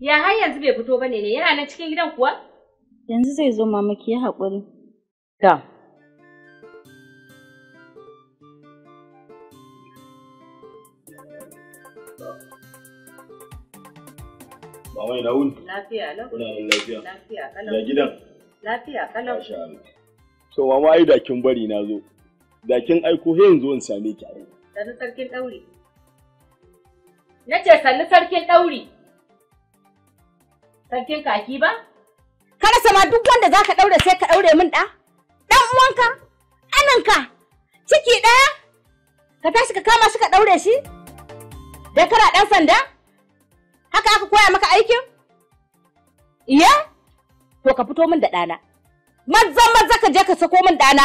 Ya har yanzu bai fito bane ne yana nan cikin gidan kuwa? Yanzu zai zo mama ki yi haƙuri. Da. Mama ina wuni? Lafiya lau. Kuna nan lafiya? Lafiya kalau. Ya gidan? Lafiya kalau. Masha Allah. So mama ai da kin bari na zo. Da kin aiko yanzu in same ki. Sannu sarkin ɗauri. Na ce sannu sarkin ɗauri. Sarkin kaki ba? Ka rasa ma duk wanda za ka ɗaure sai ka ɗaure min ɗa? Ɗan uwanka? Aninka? Ciki ɗaya? Ka tashi ka kama shi ka ɗaure shi? Da kara ɗan sanda? Haka aka koya maka aikin? Iya? To ka fito min da ɗana. Maza maza ka je ka sako min ɗana.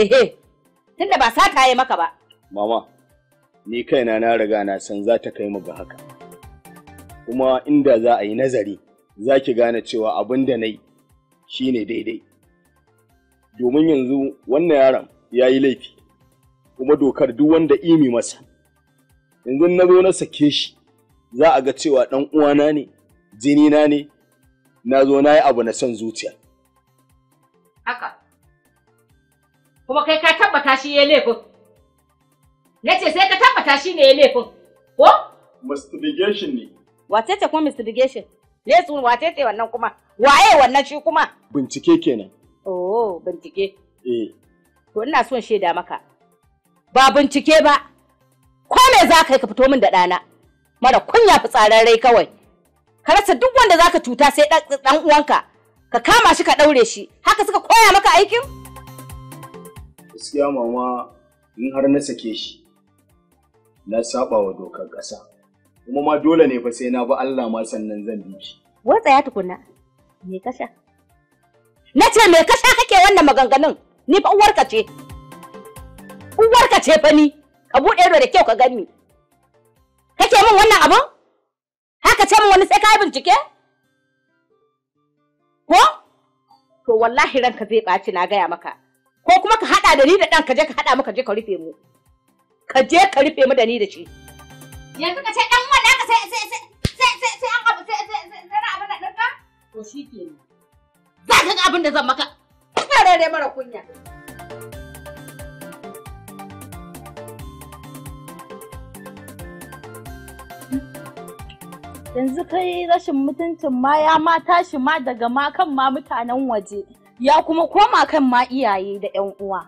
Ehe, tunda ba sata yi maka ba. Mama, ni kaina na riga na san za ta kai mu ga haka. kuma inda za a yi nazari za ki gane cewa abin da na yi shi ne daidai domin yanzu wannan yaron ya yi laifi kuma dokar duk wanda imi masa yanzu na zo na sake shi za a ga cewa ɗan uwana ne na ne na zo na yi abu na son zuciya haka kuma kai ka tabbata shi ya laifin na ce sai ka tabbata shi ne ya laifin ko? mastigation ne wace ce kuma investigation sun wace ce wannan kuma waye wannan shi kuma bincike kenan oh bincike eh to ina son shaida maka ba bincike ba ko me za ka yi ka fito min da ɗana mara kunya fitsarin rai kawai ka rasa duk wanda za ka cuta sai ɗan uwanka ka kama shi ka ɗaure shi haka suka koya maka aikin gaskiya mama in har na sake shi na saba wa dokar ƙasa kuma ma dole ne fa sai na bi Allah ma sannan zan bi shi. Wai tsaya tukuna, me kasha? Na ce me kasha kake wannan maganganun? Ni fa uwarka ce. Uwarka ce fa ni, ka bude ido da kyau ka gani. Kake min wannan abun? Haka ce min wani sai ka bincike? Ko? To wallahi ranka zai ɓaci na gaya maka. Ko kuma ka hada da ni da dan ka je ka hada maka je ka rufe mu. Ka je ka rufe mu da ni da shi. Yanzu ka ce ɗan sai sai sai sai sai sai an abu sai sai sai sai abin da ɗinka? To shi ke nan. Za ka ga abin da zan maka. mara kunya. Yanzu kai rashin mutuncin ma ya ma tashi ma daga ma kan ma mutanen waje ya kuma koma kan ma iyaye da 'yan uwa.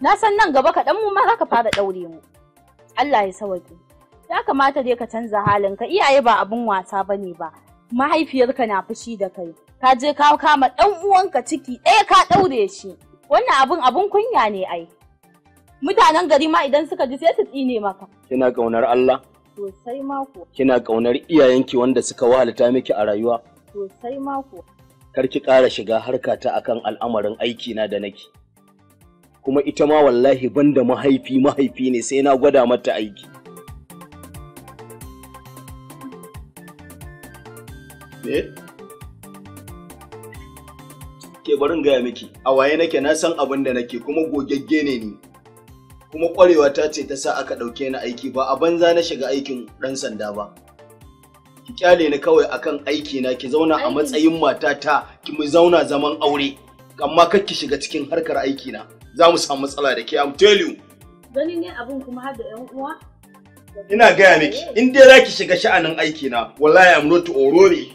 Na san nan gaba kaɗan mu ma za ka fara ɗaure mu. Allah ya sawaƙi. ya kamata dai ka canza halin ka iyaye ba abin wasa ba ne ba mahaifiyarka na fushi da kai ka je ka kama ɗan uwanka ciki ɗaya eh, ka ɗaure shi wannan abun abun kunya ne ai mutanen gari ma idan suka ji sai su tsine maka kina kaunar Allah sosai mako kina kaunar iyayenki wanda suka wahalta miki a rayuwa sosai mako kar ki ƙara shiga harka ta akan al'amarin aiki na da nake kuma ita ma wallahi banda mahaifi mahaifi ne sai na gwada mata aiki Eh? ke barin gaya miki a waye nake na san abin da nake kuma gogegge ne ni kuma kwarewa ta ce ta sa aka ɗauke ni aiki ba a banza na shiga aikin ɗan sanda ba ki kyale ni kawai akan aiki na ki zauna a matsayin matata ki mu zauna zaman aure amma kar ki shiga cikin harkar aiki na za mu samu matsala da ke am tell you gani ne abin kuma har da yan uwa ina gaya miki in dai za ki shiga sha'anin aiki na wallahi am not orori